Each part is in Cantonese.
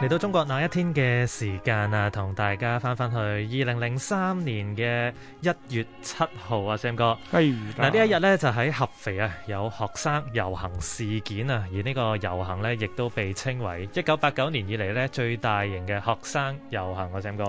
嚟到中國那一天嘅時間啊，同大家翻翻去二零零三年嘅一月七號啊，Sam 哥。係嘅。喺呢一日咧，就喺合肥啊，有學生遊行事件啊，而呢個遊行咧，亦都被稱為一九八九年以嚟咧最大型嘅學生遊行啊，Sam 哥。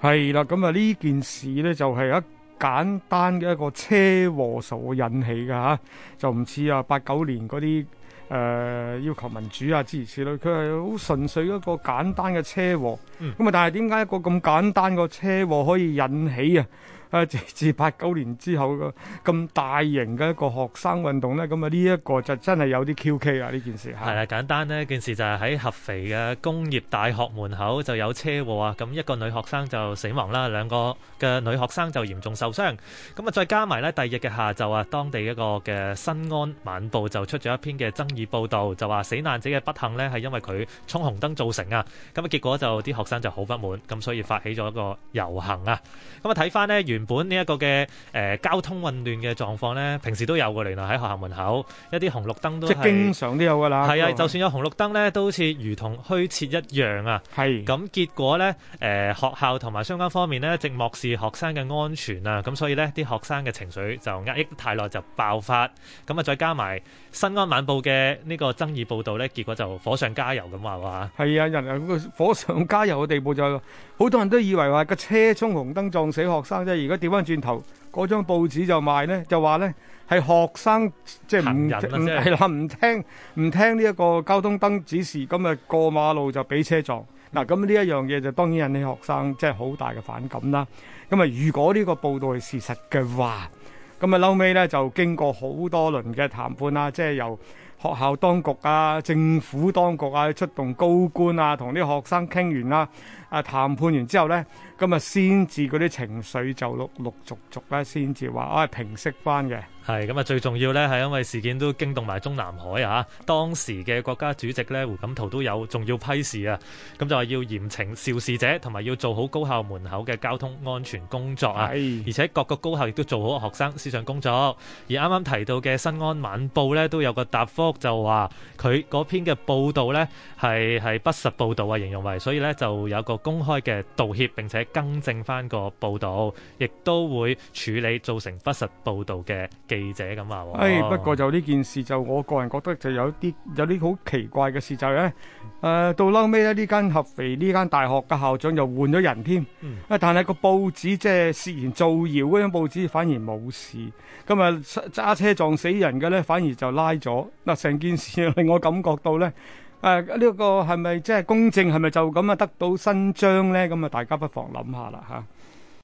係啦，咁啊呢件事咧就係一簡單嘅一個車禍所引起嘅吓，就唔似啊八九年嗰啲。誒、呃、要求民主啊，諸如此類，佢係好純粹一個簡單嘅車禍。咁啊、嗯，但係點解一個咁簡單嘅車禍可以引起啊？啊！直至八九年之後個咁大型嘅一個學生運動呢，咁啊呢一個就真係有啲 QK 啊呢件事嚇。係啦，簡單呢件事就係喺合肥嘅工業大學門口就有車禍啊！咁一個女學生就死亡啦，兩個嘅女學生就嚴重受傷。咁啊，再加埋呢，第二日嘅下晝啊，當地一個嘅新安晚報就出咗一篇嘅爭議報導，就話死難者嘅不幸呢係因為佢衝紅燈造成啊！咁啊，結果就啲學生就好不滿，咁所以發起咗一個遊行啊！咁啊，睇翻呢。原。原本呢一個嘅誒、呃、交通混亂嘅狀況呢，平時都有㗎，原來喺學校門口一啲紅綠燈都係即係經常都有㗎啦。係啊的，的就算有紅綠燈呢，都好似如同虛設一樣啊。係咁的、嗯、結果呢，誒、呃、學校同埋相關方面呢，直漠視學生嘅安全啊。咁、嗯、所以呢，啲學生嘅情緒就壓抑太耐就爆發。咁、嗯、啊，再加埋《新安晚報》嘅呢個爭議報導呢，結果就火上加油咁話、話係啊，人啊，火上加油嘅地步就係、係、好多人都以為話個車衝紅燈撞死學生啫，而佢果調翻轉頭，嗰張報紙就賣呢，就話呢，係學生即係唔唔係啦，唔、就係、聽唔聽呢一個交通燈指示，咁啊過馬路就俾車撞。嗱、啊，咁呢一樣嘢就當然引起學生即係好大嘅反感啦。咁啊，如果呢個報道係事實嘅話，咁啊後尾呢就經過好多輪嘅談判啦，即係由。學校當局啊、政府當局啊出動高官啊，同啲學生傾完啦、啊、啊談判完之後呢，咁啊先至嗰啲情緒就陸陸陸續續咧，先至話啊平息翻嘅。係咁啊，最重要呢，係因為事件都驚動埋中南海啊，當時嘅國家主席呢，胡錦濤都有重要批示啊，咁就話要嚴懲肇事者，同埋要做好高校門口嘅交通安全工作啊，是而且各個高校亦都做好學生思想工作。而啱啱提到嘅新安晚報呢，都有個答覆。就話佢嗰篇嘅報道呢係係不實報道啊，形容為，所以呢就有個公開嘅道歉，並且更正翻個報道，亦都會處理造成不實報道嘅記者咁話。誒、哦哎，不過就呢件事就我個人覺得就有啲有啲好奇怪嘅事就係、是、咧，誒、呃、到嬲尾咧呢間合肥呢間大學嘅校長又換咗人添，嗯、但係個報紙即係涉嫌造謠嗰張報紙反而冇事，咁啊揸車撞死人嘅呢，反而就拉咗成件事令我感覺到咧，誒、啊、呢、這個係咪即係公正係咪就咁啊得到伸張呢？咁啊大家不妨諗下啦嚇。啊。